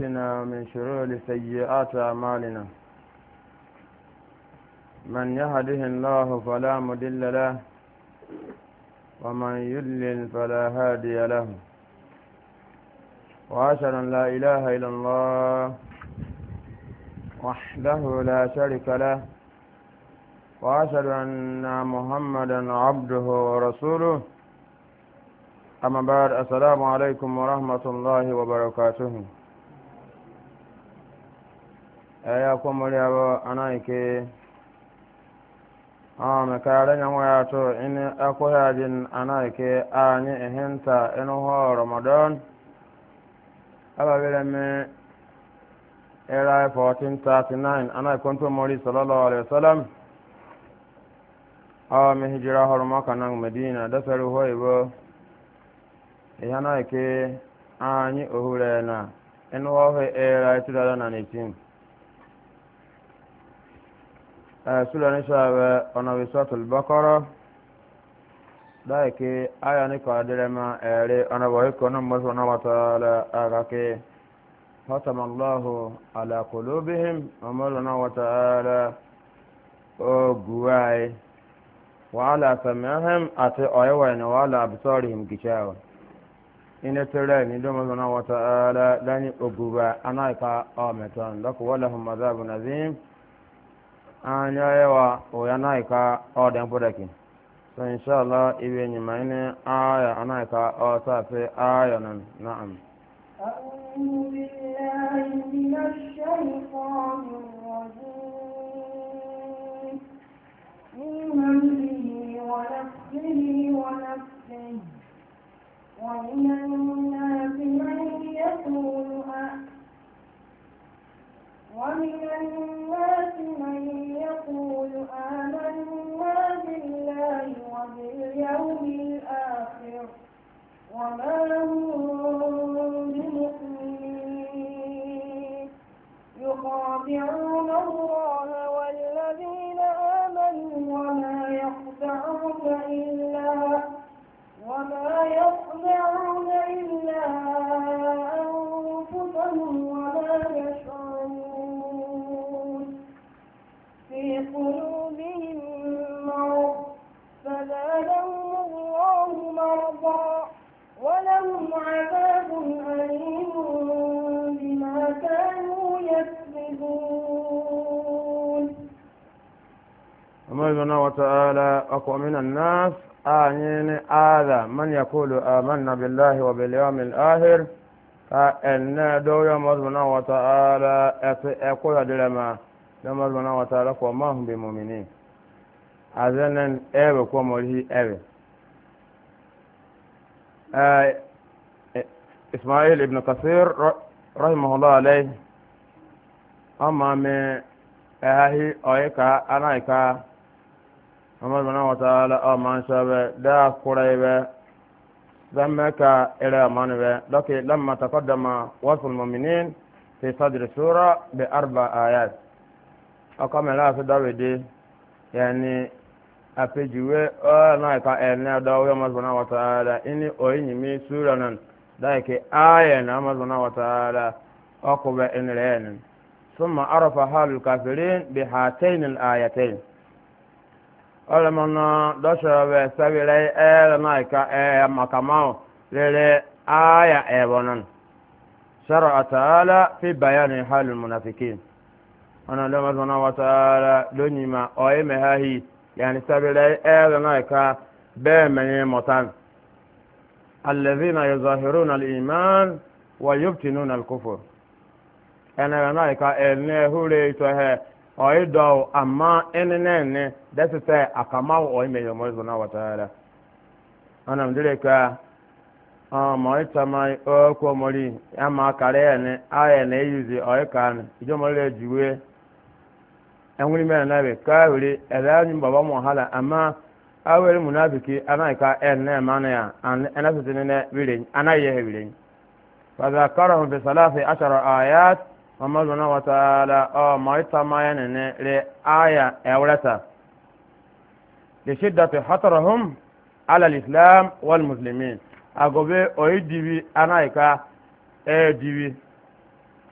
أنفسنا من شرور سيئات أعمالنا من يهده الله فلا مدل له ومن يدلل فلا هادي له وأشهد أن لا إله إلا الله وحده لا شريك له وأشهد أن محمدا عبده ورسوله أما بعد السلام عليكم ورحمة الله وبركاته ya kwamari abo ana ike ah me kare nya wa ato in akoya jin ana ike anyi ehenta enu ho ramadan aba bere me era 1439 ana kontu mori sallallahu alaihi wasallam ah me hijira hor maka nan medina da saru ho ibo ihana ike anyi ohure na enu ho era 2019 Eh, sura ni sabe ona wisatul bakara daike aya ni ko adere ma ere ona wa ko na mo sona wa taala agake fatama allah ala qulubihim amalna wa taala o ni wa ala absarihim gishawa ina tere ni do mo sona wa taala dani oguba anaika o metan lak wa lahum anyayewa oyanaika oden pudakin so inshallah iwe nyimaine aya anaika osafe aya na na'am ونفسه ونفسه ومن الناس من يقول آمنا بالله وباليوم الآخر وما هم بمؤمنين يخادعون ولهم عذاب أليم بما كانوا يكذبون الله وتعالى أقوى من الناس آنين آذى من يقول آمنا بالله وباليوم الآخر فإن دو يوم سبحانه وتعالى أقول دلما يوم سبحانه وتعالى ما هم بمؤمنين أذنن أبو كومولي أبو آه، إسماعيل ابن قصير رحمه الله عليه أما من أهي أويكا أنايكا أما من تعالى أما شابه دا قريبه ذمك إلى منبه لكن لما تقدم وصف المؤمنين في صدر السورة بأربع آيات أقام الله في داودي يعني apejuwe ọ̀nà ìka ẹ̀rìnà ọ̀dọ̀ ọ̀wé ọmọdúnrún wọ̀tàrà ní òyìnbí súra nàn dáìkì ayẹ̀ ní ọmọdúnrún wọ̀tàrà ọkùnbẹ̀ ẹnìrẹ̀ ẹ̀nì súnmọ́ arọ́fà hàlù kàfìrí bí hàtẹ́yìn ayẹ̀tẹ́yìn. ọlọmọnà dọ́sọ̀rọ̀wẹ̀ sẹ́wìrẹ́ ẹ̀rìnà ìka ẹ̀ màkàmáwò rere ayà ẹ̀bọ̀ nàn sọ̀rọ̀ àtàlà fi bayani hàlù munafikin. ọ̀nà ọ̀dọ́ ọmọdúnrún wọ̀tàrà lónìí ma yani sabila ɛɛbɛ na ka bɛɛ mɛnyɛ mɔtan alɛzina yuzahiruna aliman wa yubtinuna alkufur ɛnɛbɛ na ka ɛnɛ hure tɔhɛ ɔyi dɔw amma ɛni nɛni dɛsi te a kama ɔyi mɛnyɛ mɔri na wata taala ana dire ka mɔri tama ma mɔri ama kare ɛni ayɛ ne yuzi ɔyi kan ijɔ mɔri lɛ enwuri mena nabe ka wuri elani baba mu hala amma awere munafiki ana ka en na mana ya ana su tinene bire ana ye he bire fa zakarahum bi salasi ashara ayat amma zuna wa ta'ala o maita maya ne ne re aya ewrata li shiddati hatarahum ala islam wal muslimin agobe oyidibi ana ka e dibi